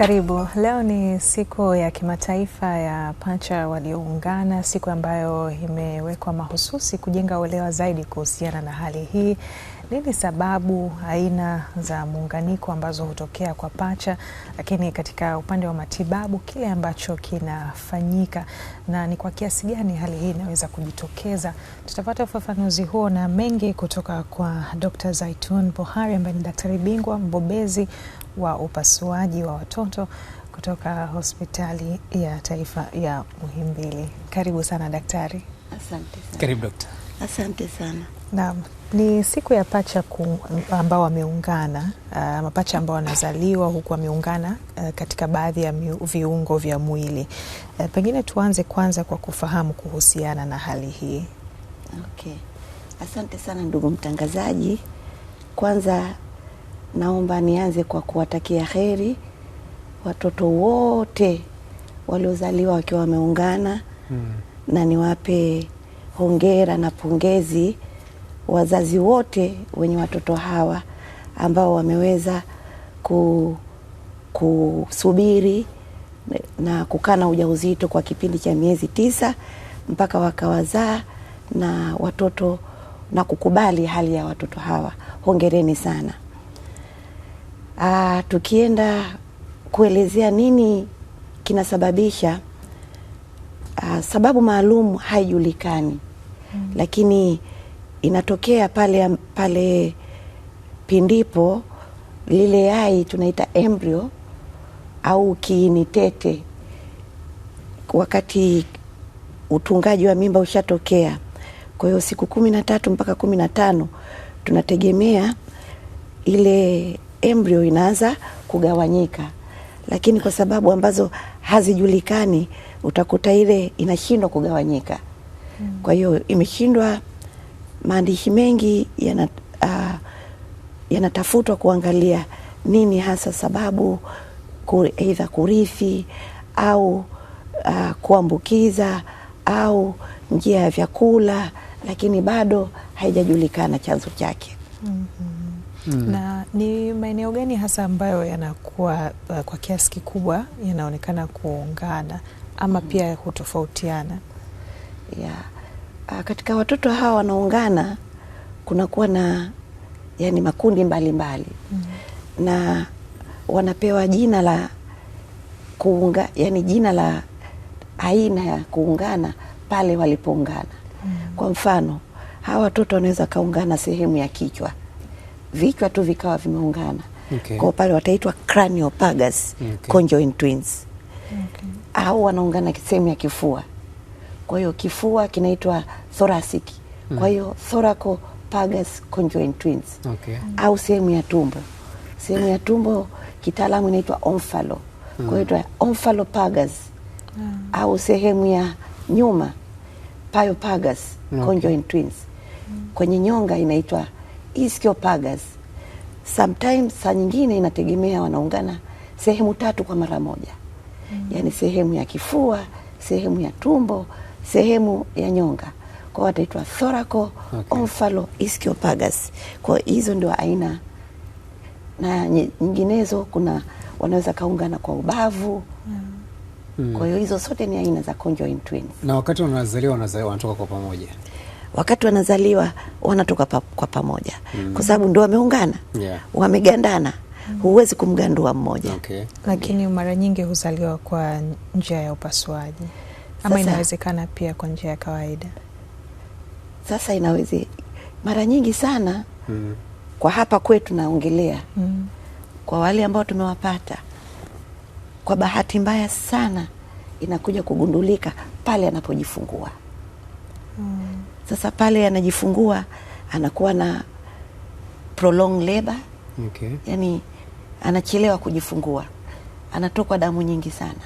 Karibu. Leo ni siku ya kimataifa ya pacha walioungana, siku ambayo imewekwa mahususi kujenga uelewa zaidi kuhusiana na hali hii. Nini sababu, aina za muunganiko ambazo hutokea kwa pacha, lakini katika upande wa matibabu kile ambacho kinafanyika na ni kwa kiasi gani hali hii inaweza kujitokeza? Tutapata ufafanuzi huo na mengi kutoka kwa d Zaitun Bohari ambaye ni daktari bingwa mbobezi wa upasuaji wa watoto kutoka hospitali ya taifa ya Muhimbili. Karibu sana daktari. Asante sana. Karibu Asante sana. Naam, ni siku ya pacha ku, ambao wameungana uh, mapacha ambao wanazaliwa huku wameungana uh, katika baadhi ya miu, viungo vya mwili uh, pengine tuanze kwanza kwa kufahamu kuhusiana na hali hii. Okay. Asante sana ndugu mtangazaji. Kwanza Naomba nianze kwa kuwatakia heri watoto wote waliozaliwa wakiwa wameungana hmm. na niwape hongera na pongezi wazazi wote wenye watoto hawa ambao wameweza ku, kusubiri na kukaa na ujauzito kwa kipindi cha miezi tisa mpaka wakawazaa na watoto na kukubali hali ya watoto hawa. Hongereni sana. Aa, ah, tukienda kuelezea nini kinasababisha aa, ah, sababu maalum haijulikani hmm. Lakini inatokea pale pale pindipo lile ai tunaita embryo au kiini tete, wakati utungaji wa mimba ushatokea. Kwa hiyo siku kumi na tatu mpaka kumi na tano tunategemea ile embryo inaanza kugawanyika, lakini kwa sababu ambazo hazijulikani utakuta ile inashindwa kugawanyika. Hmm. Kwa hiyo imeshindwa, maandishi mengi yana uh, yanatafutwa kuangalia nini hasa sababu eidha kurithi au uh, kuambukiza au njia ya vyakula, lakini bado haijajulikana chanzo chake. mm -hmm. Mm. Na ni maeneo gani hasa ambayo yanakuwa uh, kwa kiasi kikubwa yanaonekana kuungana ama mm. pia hutofautiana? Yeah. Uh, katika watoto hawa wanaungana kunakuwa na yani makundi mbalimbali mbali. mm. na wanapewa jina la kuunga, yani jina la aina ya kuungana pale walipoungana. mm. Kwa mfano hawa watoto wanaweza kaungana sehemu ya kichwa vichwa tu vikawa vimeungana okay. Kwa pale wataitwa craniopagus okay. conjoined twins okay. Au wanaungana sehemu ya kifua, kwa hiyo kifua kinaitwa thoracic mm. Kwa hiyo thoracopagus conjoined twins okay. Au sehemu ya tumbo, sehemu ya tumbo kitaalamu inaitwa omfalo mm. Kwa hiyo omphalopagus mm. Ah. Au sehemu ya nyuma pyopagus okay. conjoined twins mm. Kwenye nyonga inaitwa hii sio pagas. Sometimes saa nyingine inategemea wanaungana sehemu tatu kwa mara moja mm. Yani sehemu ya kifua, sehemu ya tumbo, sehemu ya nyonga, kwa wataitwa thoraco okay. omfalo ischiopagas. Kwa hizo ndio aina na nyinginezo, kuna wanaweza kaungana kwa ubavu mm. Kwa hiyo mm. hizo sote ni aina za conjoined twins. Na wakati wanazaliwa wanatoka kwa pamoja wakati wanazaliwa wanatoka pa, kwa pamoja mm. kwa sababu ndo wameungana yeah. wamegandana mm. huwezi kumgandua mmoja okay. Lakini mara nyingi huzaliwa kwa njia ya upasuaji ama inawezekana pia kwa njia ya kawaida. Sasa inawezi mara nyingi sana mm. kwa hapa kwetu naongelea mm. kwa wale ambao tumewapata kwa bahati mbaya sana inakuja kugundulika pale anapojifungua mm. Sasa pale anajifungua anakuwa na prolong labor okay. Yani anachelewa kujifungua, anatokwa damu nyingi sana,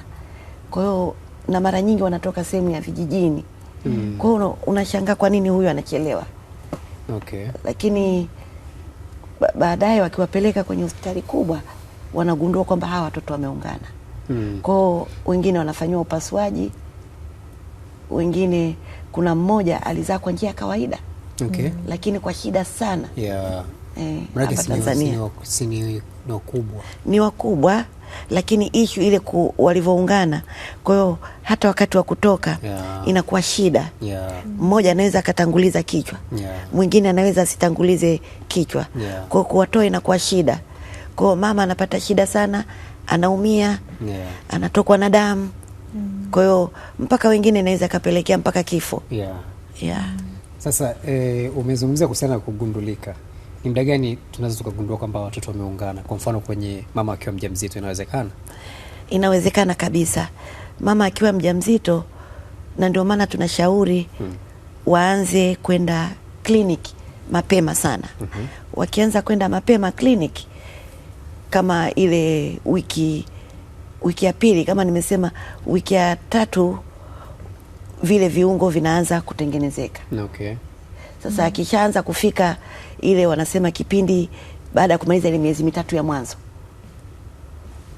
kwa hiyo na mara nyingi wanatoka sehemu ya vijijini mm. Kwa hiyo unashangaa kwa nini huyu anachelewa okay. Lakini baadaye wakiwapeleka kwenye hospitali kubwa wanagundua kwamba hawa watoto wameungana mm. Kwao wengine wanafanyiwa upasuaji, wengine kuna mmoja alizaa kwa njia ya kawaida okay. Mm. lakini kwa shida sana yeah. Eh, Tanzania ni wakubwa ni wakubwa lakini ishu ile walivyoungana, kwa hiyo hata wakati wa kutoka yeah. inakuwa shida yeah. Mmoja anaweza akatanguliza kichwa yeah. mwingine anaweza asitangulize kichwa yeah. kwao kuwatoa inakuwa shida, kwao mama anapata shida sana, anaumia yeah. anatokwa na damu kwa hiyo mpaka wengine inaweza ikapelekea mpaka kifo yeah. Yeah. Sasa e, umezungumzia kuhusiana na kugundulika ni muda gani tunaweza tukagundua kwamba watoto wameungana? Kwa mfano kwenye mama akiwa mjamzito, inawezekana? Inawezekana kabisa, mama akiwa mjamzito, na ndio maana tunashauri hmm. waanze kwenda kliniki mapema sana. mm -hmm. Wakianza kwenda mapema kliniki kama ile wiki wiki ya pili, kama nimesema, wiki ya tatu vile viungo vinaanza kutengenezeka. Okay. Sasa mm. akishaanza kufika ile wanasema kipindi baada ya kumaliza ile miezi mitatu ya mwanzo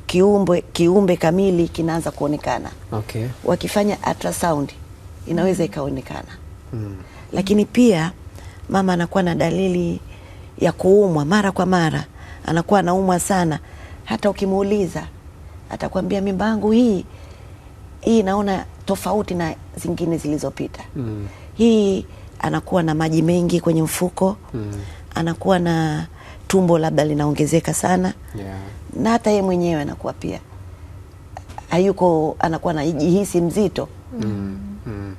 kiumbe, kiumbe kamili kinaanza kuonekana. Okay. Wakifanya ultrasound inaweza ikaonekana. Mm. Lakini pia mama anakuwa na dalili ya kuumwa mara kwa mara, anakuwa anaumwa sana, hata ukimuuliza atakwambia mimba yangu hii hii naona tofauti na zingine zilizopita mm. hii anakuwa na maji mengi kwenye mfuko mm. anakuwa na tumbo labda linaongezeka sana yeah. na hata yeye mwenyewe anakuwa pia hayuko anakuwa anajihisi mzito mm. Mm.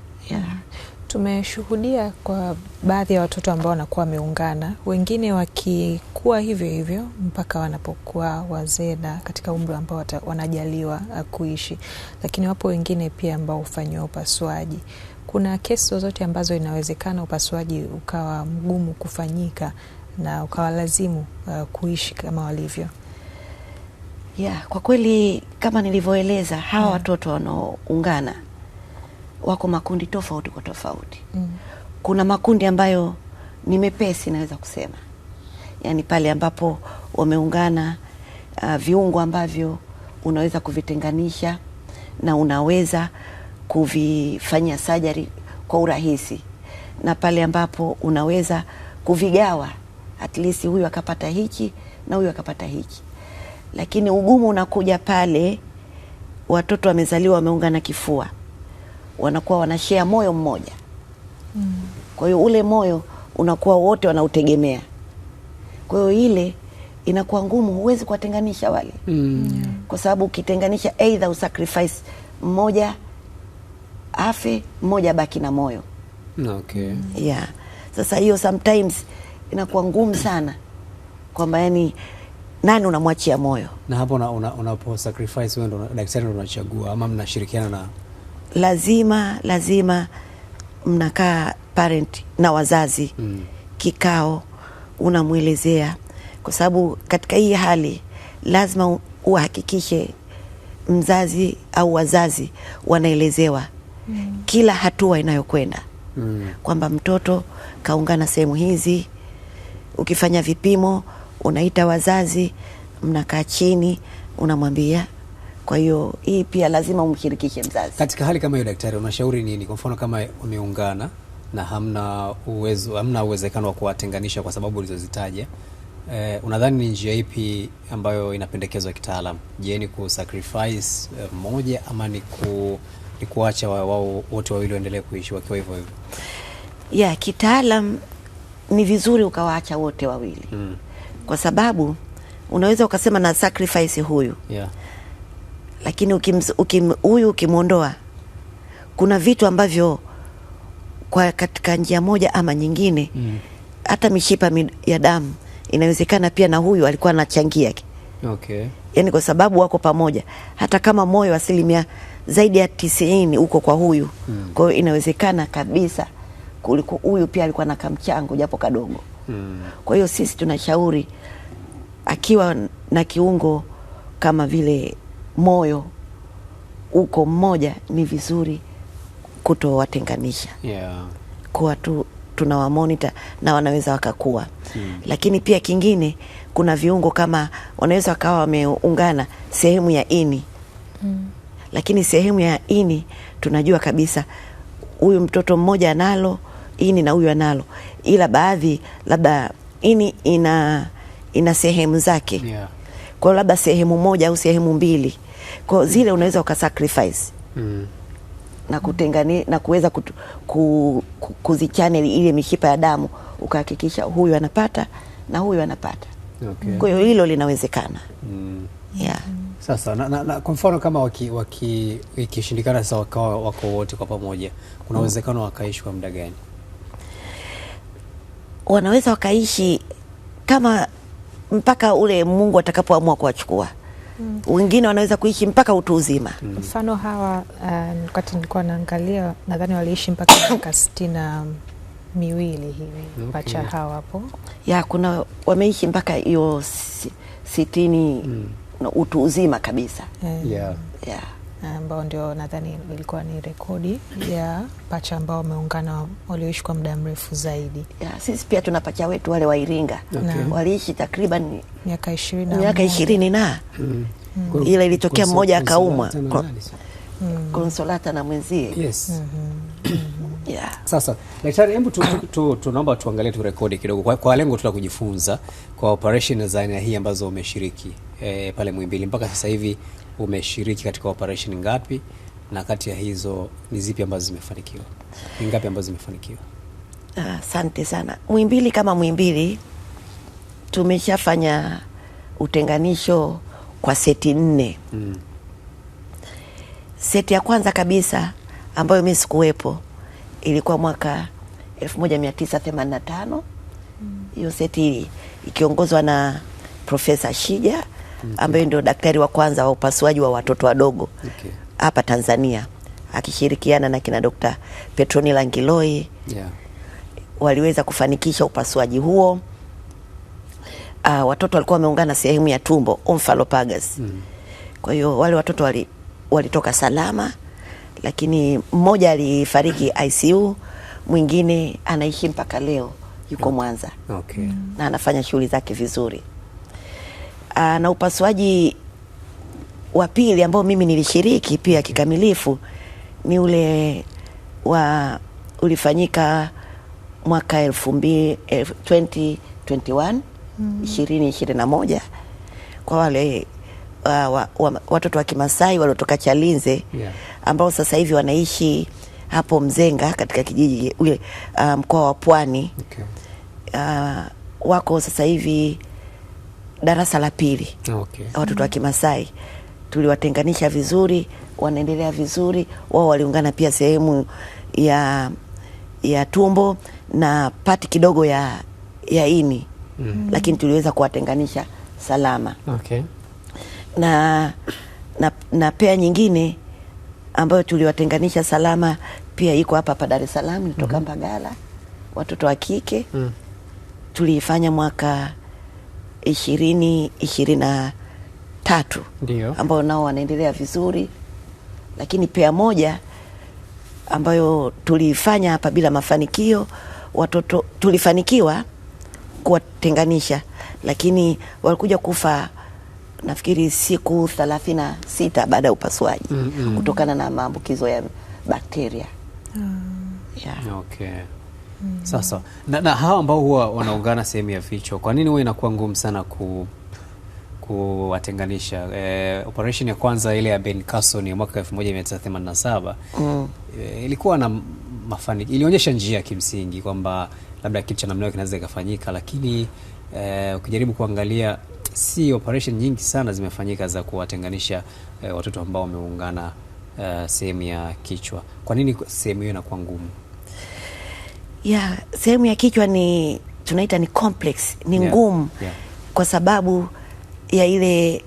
Tumeshuhudia kwa baadhi ya watoto ambao wanakuwa wameungana, wengine wakikuwa hivyo hivyo mpaka wanapokuwa wazee na katika umri ambao wanajaliwa uh, kuishi, lakini wapo wengine pia ambao hufanyiwa upasuaji. Kuna kesi zozote ambazo inawezekana upasuaji ukawa mgumu kufanyika na ukawalazimu uh, kuishi kama walivyo? Yeah, kwa kweli kama nilivyoeleza hawa mm. watoto wanaoungana wako makundi tofauti kwa tofauti mm. Kuna makundi ambayo ni mepesi, naweza kusema yani pale ambapo wameungana uh, viungo ambavyo unaweza kuvitenganisha na unaweza kuvifanyia sajari kwa urahisi, na pale ambapo unaweza kuvigawa at least huyu akapata hiki na huyu akapata hiki. Lakini ugumu unakuja pale watoto wamezaliwa wameungana kifua wanakuwa wanashea moyo mmoja mm. Kwa hiyo ule moyo unakuwa wote wanautegemea, kwa hiyo ile inakuwa ngumu, huwezi kuwatenganisha wale mm. Kwa sababu ukitenganisha, eidha usacrifice mmoja afe, mmoja baki na moyo okay. Yeah. Sasa hiyo sometimes inakuwa ngumu sana kwamba yani nani unamwachia moyo, na hapo unaposacrifice una, una wewe, ndo daktari unachagua ama mnashirikiana na lazima lazima mnakaa parent na wazazi mm. kikao unamwelezea kwa sababu katika hii hali lazima uhakikishe mzazi au wazazi wanaelezewa mm. kila hatua inayokwenda mm. kwamba mtoto kaungana sehemu hizi ukifanya vipimo unaita wazazi mnakaa chini unamwambia kwa hiyo hii pia lazima umshirikishe mzazi. Katika hali kama hiyo, daktari, unashauri nini? Kwa mfano kama umeungana na hamna uwezo, hamna uwezekano wa kuwatenganisha kwa sababu ulizozitaja, eh, unadhani ni njia ipi ambayo inapendekezwa kitaalamu? Je, ni sacrifice mmoja eh, ama ni ku ni kuacha wao wote wawili waendelee kuishi wakiwa hivyo hivyo? Ya kitaalam ni vizuri ukawaacha wote wawili mm. Kwa sababu unaweza ukasema na sacrifice huyu yeah lakini huyu ukim, ukimwondoa kuna vitu ambavyo kwa katika njia moja ama nyingine mm. hata mishipa ya damu inawezekana pia na huyu alikuwa anachangia okay. Yani kwa sababu wako pamoja, hata kama moyo asilimia zaidi ya tisini huko kwa huyu mm. kwa hiyo inawezekana kabisa huyu pia alikuwa na kamchango japo kadogo mm. kwa hiyo sisi tunashauri akiwa na kiungo kama vile moyo uko mmoja, ni vizuri kutowatenganisha yeah. kuwa tu tuna wamonita na wanaweza wakakua hmm. Lakini pia kingine, kuna viungo kama wanaweza wakawa wameungana sehemu ya ini hmm. Lakini sehemu ya ini tunajua kabisa huyu mtoto mmoja analo ini na huyu analo, ila baadhi labda ini ina ina sehemu zake yeah. Kwa hiyo labda sehemu moja au sehemu mbili kwa zile unaweza ukasacrifice mm. na kutengani na kuweza kutu, ku, ku, kuzichannel ile mishipa ya damu ukahakikisha huyu anapata na huyu anapata. Okay. Kwa hiyo hilo linawezekana mm. yeah. Sasa na, na, na, kwa mfano kama wakishindikana waki, waki sasa wakawa wako wote kwa pamoja, kuna mm. uwezekano mm. wakaishi kwa muda gani? Wanaweza wakaishi kama mpaka ule Mungu atakapoamua kuwachukua mm. wengine wanaweza kuishi mpaka utu uzima mm. mfano mm. hawa um, wakati uh, nilikuwa naangalia nadhani waliishi mpaka miaka sitini na miwili hivi pacha hawa hapo ya kuna wameishi mpaka hiyo sitini mm. utu uzima kabisa eh. yeah. Yeah. Yeah ambao ndio nadhani ilikuwa ni rekodi ya pacha ambao wameungana walioishi kwa muda mrefu zaidi. Ya, sisi pia tuna pacha wetu wale wa Iringa okay. Waliishi takriban miaka ishirini miaka ishirini na hmm. mm. ila ilitokea mmoja akaumwa Konsolata na mwenzie yes. mm -hmm. hmm. yeah. Sasa daktari, hebu tunaomba tu, tu, tunaomba tuangalie tu rekodi kidogo kwa, kwa lengo tula kujifunza kwa operation za aina hii ambazo umeshiriki e, pale Muhimbili mpaka sasa hivi umeshiriki katika operation ngapi, na kati ya hizo ni zipi ambazo zimefanikiwa? Ni ngapi ambazo zimefanikiwa? Ah, asante ah, sana. mwimbili kama mwimbili tumeshafanya utenganisho kwa seti nne. Mm. Seti ya kwanza kabisa ambayo mi sikuwepo ilikuwa mwaka 1985 mm. hiyo mm. seti ikiongozwa na Profesa Shija Mm-hmm. ambaye ndio daktari wa kwanza wa upasuaji wa watoto wadogo hapa okay. Tanzania akishirikiana na kina Dr. petroni Langiloi yeah. waliweza kufanikisha upasuaji huo. Uh, watoto walikuwa wameungana sehemu ya tumbo omphalopagus mm. Kwa hiyo wale watoto wali, walitoka salama, lakini mmoja alifariki ICU, mwingine anaishi mpaka leo yuko Mwanza okay. na anafanya shughuli zake vizuri. Ah, na upasuaji wa pili ambao mimi nilishiriki pia kikamilifu ni ule wa ulifanyika mwaka elfu mbili elfu, 2021 hmm. ishirini ishirini na moja kwa wale wa, wa, wa, watoto wa Kimasai waliotoka Chalinze yeah, ambao sasa hivi wanaishi hapo Mzenga katika kijiji ule uh, mkoa wa Pwani okay. Uh, wako sasa hivi darasa la pili okay. Watoto wa Kimasai tuliwatenganisha vizuri, wanaendelea vizuri. Wao waliungana pia sehemu ya ya tumbo na pati kidogo ya, ya ini mm. Lakini tuliweza kuwatenganisha salama okay. Na, na, na pea nyingine ambayo tuliwatenganisha salama pia iko hapa hapa Dar es Salaam, nitoka mm -hmm. Mbagala, watoto wa kike mm. tuliifanya mwaka ishirini ishirini na tatu ambao nao wanaendelea vizuri, lakini pea moja ambayo tuliifanya hapa bila mafanikio, watoto tulifanikiwa kuwatenganisha, lakini walikuja kufa nafikiri siku thelathini na sita baada ya upasuaji mm -hmm. kutokana na maambukizo ya bakteria mm. yeah. okay. Sasa na, na hawa ambao huwa wanaungana sehemu ya vichwa, kwa nini huwa inakuwa ngumu sana ku kuwatenganisha? eh, operation ya kwanza ile ya Ben Carson ya mwaka 1987 mm. eh, ilikuwa na mafanikio, ilionyesha njia ya kimsingi kwamba labda kitu cha namna hiyo kinaweza ikafanyika, lakini eh, ukijaribu kuangalia si operation nyingi sana zimefanyika za kuwatenganisha eh, watoto ambao wameungana eh, sehemu ya kichwa. Kwa nini sehemu hiyo inakuwa ngumu? yeah, sehemu ya kichwa ni tunaita ni complex, ni ngumu yeah. kwa sababu ya ile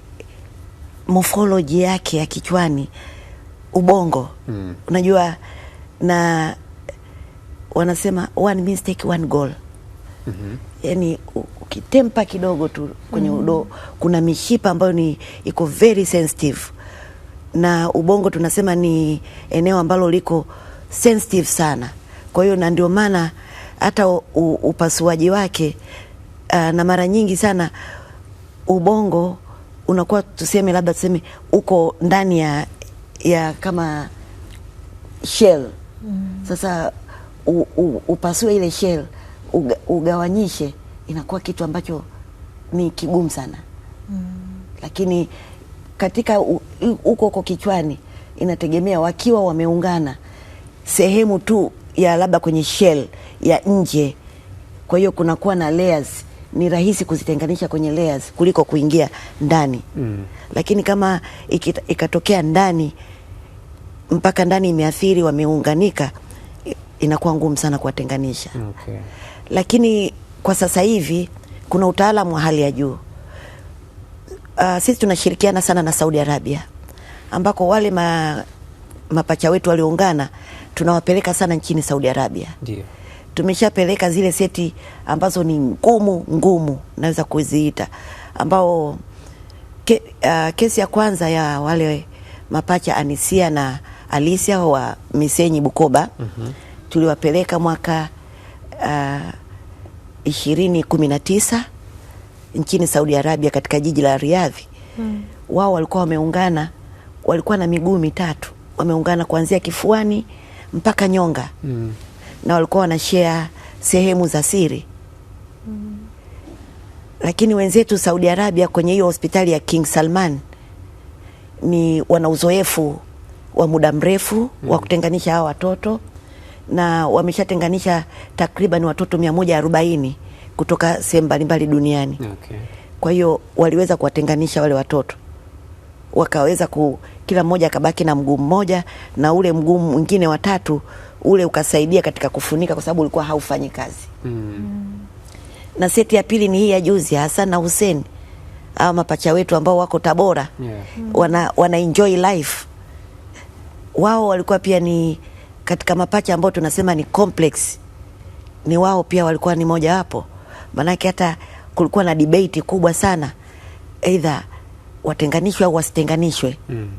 morphology yake ya kichwani ubongo mm. unajua na wanasema one mistake one goal mm-hmm. yani ukitempa kidogo tu kwenye mm. udo kuna mishipa ambayo ni iko very sensitive na ubongo tunasema ni eneo ambalo liko sensitive sana kwa hiyo na ndio maana hata upasuaji wake uh, na mara nyingi sana ubongo unakuwa tuseme, labda tuseme uko ndani ya, ya kama shell mm. Sasa u, u, upasue ile shell ugawanyishe inakuwa kitu ambacho ni kigumu sana mm. Lakini katika huko huko kichwani inategemea, wakiwa wameungana sehemu tu ya labda kwenye shell ya nje, kwa hiyo kunakuwa na layers ni rahisi kuzitenganisha kwenye layers kuliko kuingia ndani mm. Lakini kama ikita, ikatokea ndani mpaka ndani imeathiri wameunganika, inakuwa ngumu sana kuwatenganisha okay. Lakini kwa sasa hivi kuna utaalamu wa hali ya juu uh, sisi tunashirikiana sana na Saudi Arabia ambako wale ma, mapacha wetu walioungana tunawapeleka sana nchini Saudi Arabia. Ndio. Tumeshapeleka zile seti ambazo ni ngumu ngumu, naweza kuziita ambao ke, uh, kesi ya kwanza ya wale mapacha Anisia na Alisia wa Misenyi Bukoba mm -hmm. tuliwapeleka mwaka uh, ishirini kumi na tisa nchini Saudi Arabia katika jiji la Riadhi mm. Wao walikuwa wameungana, walikuwa na miguu mitatu, wameungana kuanzia kifuani mpaka nyonga mm. na walikuwa wanashea sehemu za siri mm. Lakini wenzetu Saudi Arabia kwenye hiyo hospitali ya King Salman ni wana uzoefu wa muda mrefu mm. wa kutenganisha hawa watoto na wameshatenganisha takriban watoto mia moja arobaini kutoka sehemu mbalimbali duniani okay. Kwa hiyo waliweza kuwatenganisha wale watoto wakaweza ku kila mmoja akabaki na mguu mmoja na ule mguu mwingine watatu ule ukasaidia katika kufunika kwa sababu ulikuwa haufanyi kazi mm. mm. Na seti ya pili ni hii ya juzi, Hassan na Hussein au mapacha wetu ambao wako Tabora yeah. Mm. Wana, wana enjoy life wao walikuwa pia ni katika mapacha ambao tunasema ni complex, ni wao pia walikuwa ni moja wapo, maanake hata kulikuwa na debate kubwa sana, either watenganishwe au wasitenganishwe mm.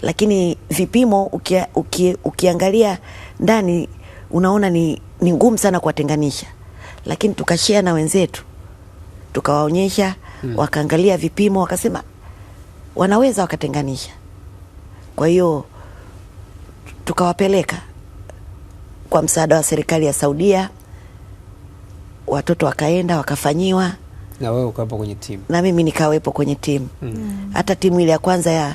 Lakini vipimo ukia, uki, ukiangalia ndani unaona ni, ni ngumu sana kuwatenganisha, lakini tukashea na wenzetu tukawaonyesha mm. Wakaangalia vipimo wakasema wanaweza wakatenganisha. Kwa hiyo tukawapeleka kwa msaada wa serikali ya Saudia, watoto wakaenda wakafanyiwa na wewe ukawepo kwenye timu na mimi nikawepo kwenye timu mm. Hmm. hata timu ile ya kwanza ya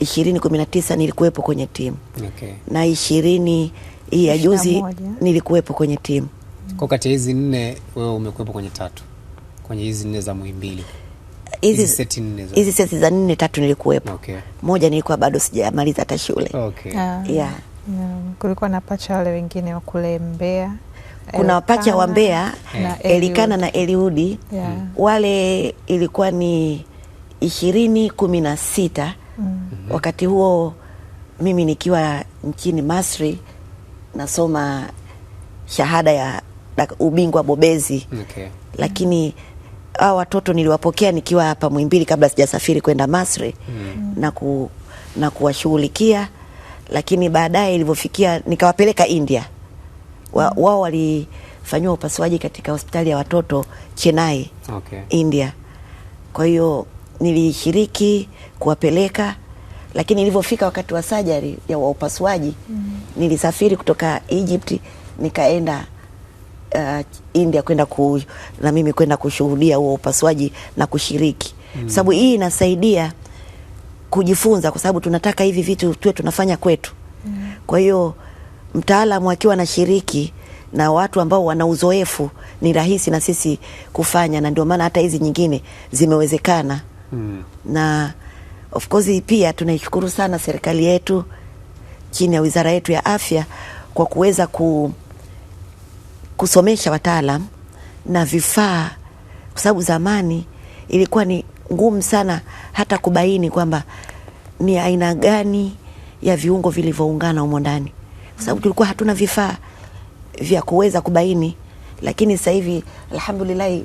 ishirini kumi na tisa nilikuwepo kwenye timu okay. na ishirini hii ya juzi nilikuwepo kwenye timu mm. kwa kati ya hizi nne wewe umekuwepo kwenye tatu kwenye hizi nne za Muhimbili hizi seti za nne tatu nilikuwepo okay. moja nilikuwa bado sijamaliza hata shule okay. yeah. yeah. yeah. kulikuwa na pacha wale wengine wa kule Mbeya kuna pacha wa Mbeya Elikana eh. na Eliudi yeah. wale ilikuwa ni ishirini kumi na sita mm. wakati huo mimi nikiwa nchini Masri nasoma shahada ya ubingwa bobezi okay. lakini hao watoto niliwapokea nikiwa hapa Mwimbili kabla sijasafiri kwenda Masri mm. na, ku, na kuwashughulikia, lakini baadaye ilivyofikia nikawapeleka India wao wa walifanyiwa upasuaji katika hospitali ya watoto Chennai, okay. India. Kwa hiyo nilishiriki kuwapeleka, lakini nilivyofika wakati wa sajari ya wa upasuaji mm. nilisafiri kutoka Egypt nikaenda uh, India kwenda ku, na mimi kwenda kushuhudia huo upasuaji na kushiriki mm. sababu hii inasaidia kujifunza, kwa sababu tunataka hivi vitu tuwe tunafanya kwetu mm. kwa hiyo mtaalamu akiwa shiriki na watu ambao wana uzoefu, ni rahisi na sisi kufanya, na ndio maana hata hizi nyingine zimewezekana. Mm. Na of course pia tunaishukuru sana serikali yetu chini ya wizara yetu ya afya kwa kuweza ku, kusomesha wataalam na vifaa, kwa sababu zamani ilikuwa ni ngumu sana hata kubaini kwamba ni aina gani ya viungo vilivyoungana humo ndani kwa sababu tulikuwa hatuna vifaa vya kuweza kubaini, lakini sasa hivi alhamdulillah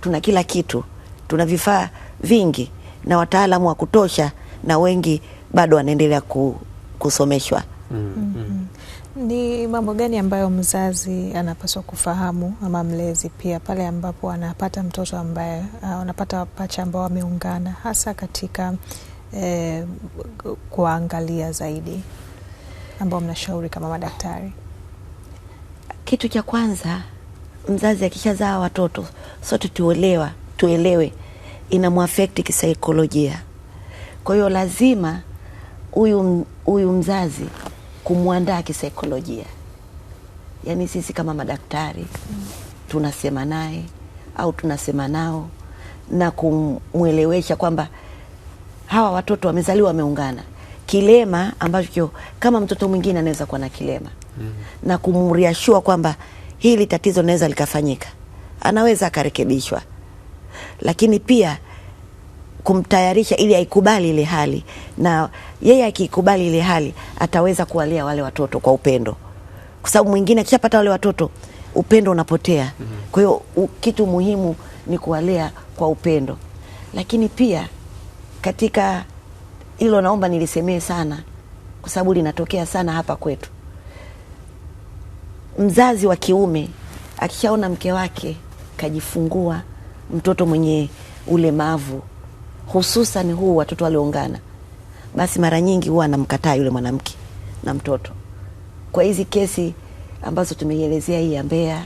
tuna kila kitu, tuna vifaa vingi na wataalamu wa kutosha, na wengi bado wanaendelea kusomeshwa. mm -hmm. Ni mambo gani ambayo mzazi anapaswa kufahamu ama mlezi pia pale ambapo anapata mtoto ambaye uh, anapata pacha ambao wameungana hasa katika eh, kuangalia zaidi ambao mnashauri kama madaktari? Kitu cha kwanza, mzazi akishazaa watoto sote tuelewa, tuelewe inamwafekti kisaikolojia. Kwa hiyo lazima huyu huyu mzazi kumwandaa kisaikolojia, yaani sisi kama madaktari mm. tunasema naye au tunasema nao na kumwelewesha kwamba hawa watoto wamezaliwa wameungana kilema ambacho kama mtoto mwingine anaweza kuwa na kilema mm -hmm. na kumriashua kwamba hili tatizo linaweza likafanyika, anaweza akarekebishwa, lakini pia kumtayarisha ili aikubali ile hali, na yeye akiikubali ile hali ataweza kuwalea wale watoto kwa upendo, kwa sababu mwingine akishapata wale watoto upendo unapotea. mm -hmm. Kwa hiyo kitu muhimu ni kuwalea kwa upendo, lakini pia katika hilo naomba nilisemee sana, kwa sababu linatokea sana hapa kwetu. Mzazi wa kiume akishaona mke wake kajifungua mtoto mwenye ulemavu, hususan huu watoto walioungana, basi mara nyingi huwa anamkataa yule mwanamke na mtoto. Kwa hizi kesi ambazo tumeielezea, hii ya Mbeya,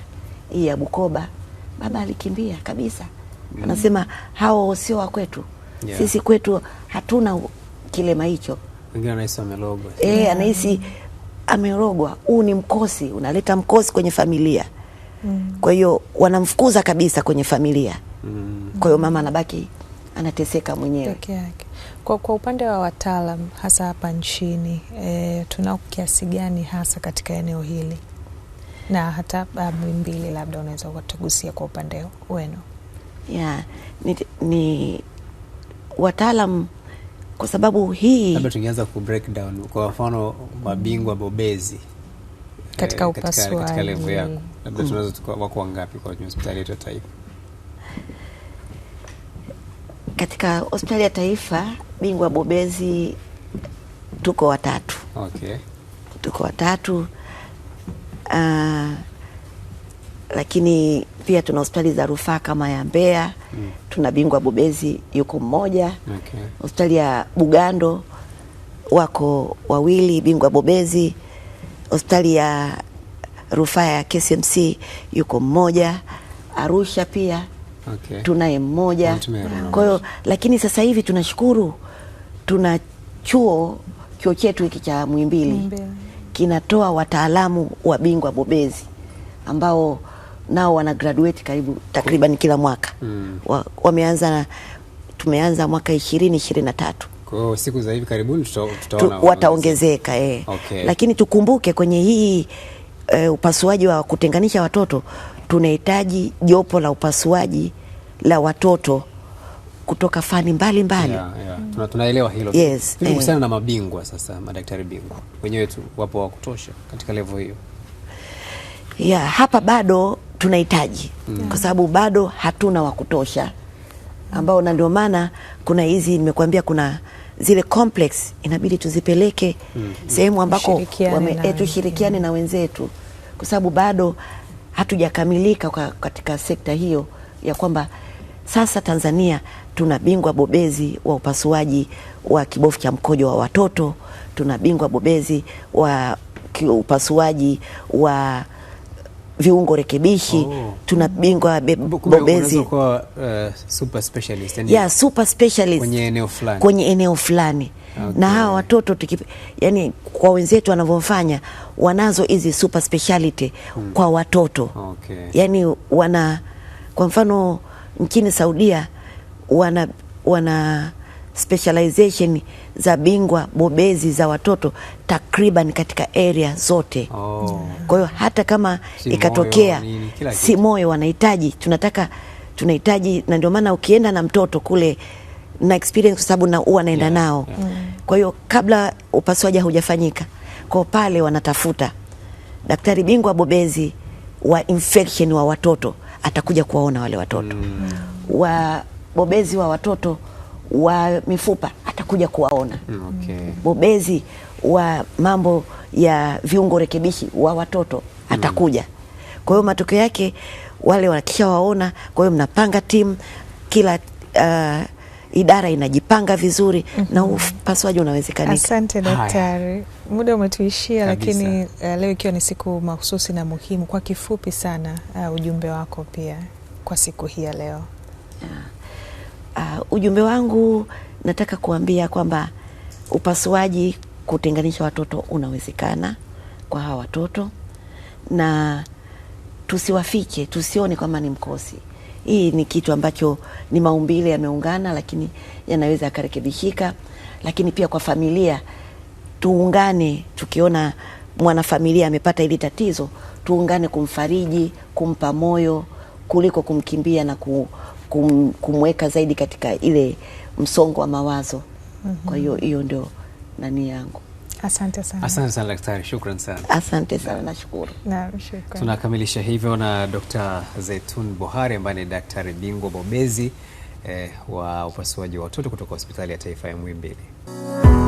hii ya Bukoba, baba alikimbia kabisa, mm. anasema hao sio wa kwetu, yeah. Sisi kwetu hatuna kilema hicho. Wengine anahisi amerogwa. Eh, anahisi amerogwa. Huu ni mkosi, unaleta mkosi kwenye familia. Mm. Kwa hiyo wanamfukuza kabisa kwenye familia. Mm. Kwa hiyo mama anabaki anateseka mwenyewe yake. Kwa, kwa upande wa wataalam hasa hapa nchini e, tunao kiasi gani hasa katika eneo hili na hata ah, Muhimbili, labda unaweza ukatugusia kwa upande wenu? Yeah, ni, ni wataalam kwa sababu hii labda tungeanza ku break down kwa mfano mabingwa bobezi eh, katika upasuaji katika yako labda mm. tunaweza wako wangapi kwa hospitali yetu ya taifa? Katika hospitali ya taifa bingwa bobezi tuko watatu. Okay. Tuko watatu uh, lakini pia tuna hospitali za rufaa kama ya Mbeya mm. tuna bingwa bobezi yuko mmoja okay. hospitali ya Bugando wako wawili bingwa bobezi, hospitali ya rufaa ya KCMC yuko mmoja, Arusha pia okay. tunaye mmoja. Kwa hiyo lakini sasa hivi tunashukuru tuna chuo chuo chetu hiki cha Muhimbili kinatoa wataalamu wa bingwa bobezi ambao nao wana graduate karibu takriban kila mwaka mm. wa, wameanza na tumeanza mwaka ishirini ishirini na tatu kwa siku za hivi karibuni tutaona wataongezeka eh. Okay. Lakini tukumbuke kwenye hii e, upasuaji wa kutenganisha watoto tunahitaji jopo la upasuaji la watoto kutoka fani mbalimbali mbali. Yeah, yeah. Tunaelewa hilo yes, eh. Kuhusiana na mabingwa sasa, madaktari bingwa wenyewe tu wapo wa kutosha katika level hiyo? Yeah, hapa bado tunahitaji mm. kwa sababu bado hatuna wa kutosha ambao, na ndio maana kuna hizi nimekuambia, kuna zile complex inabidi tuzipeleke mm. sehemu ambako tushirikiane eh, na wenzetu, kwa sababu bado hatujakamilika katika sekta hiyo ya kwamba sasa Tanzania tuna bingwa bobezi wa upasuaji wa kibofu cha mkojo wa watoto, tuna bingwa bobezi wa upasuaji wa viungo rekebishi oh. Tuna bingwa bobezi kwa, uh, super specialist, yeah, super specialist kwenye eneo fulani, kwenye eneo fulani. Okay. Na hawa watoto tiki, yani kwa wenzetu wanavyofanya wanazo hizi super speciality hmm. Kwa watoto okay. Yani wana kwa mfano nchini Saudia wana wana specialization za bingwa bobezi za watoto takriban katika area zote. Oh. Kwa hiyo hata kama si ikatokea si moyo wanahitaji, tunataka tunahitaji, na ndio maana ukienda na mtoto kule na experience kwa sababu na huwa naenda yeah, nao yeah. Mm. Kwa hiyo kabla upasuaji haujafanyika kwa pale wanatafuta daktari bingwa bobezi wa infection wa watoto, atakuja kuwaona wale watoto mm. wa bobezi wa watoto wa mifupa atakuja kuwaona hmm, okay. Bobezi wa mambo ya viungo rekebishi wa watoto hmm. atakuja. Kwa hiyo matokeo yake wale wakishawaona, kwa hiyo mnapanga timu, kila uh, idara inajipanga vizuri mm -hmm. na upasuaji unawezekanika. Asante daktari, muda umetuishia kabisa. Lakini uh, leo ikiwa ni siku mahususi na muhimu, kwa kifupi sana uh, ujumbe wako pia kwa siku hii ya leo yeah uh, ujumbe wangu nataka kuambia kwamba upasuaji kutenganisha watoto unawezekana kwa hawa watoto, na tusiwafiche, tusione kwamba ni mkosi. Hii ni kitu ambacho ni maumbile yameungana, lakini yanaweza yakarekebishika. Lakini pia kwa familia tuungane, tukiona mwanafamilia amepata hili tatizo, tuungane kumfariji, kumpa moyo kuliko kumkimbia na kum, kumweka zaidi katika ile msongo wa mawazo mm -hmm. Kwa hiyo hiyo ndio nani yangu. Asante sana. Asante sana daktari, shukran sana. Asante sana, nashukuru. Naam, shukran. Tunakamilisha hivyo na Dr. Zaitun Bohari ambaye ni daktari bingwa bobezi eh, wa upasuaji wa watoto kutoka Hospitali ya Taifa ya Muhimbili.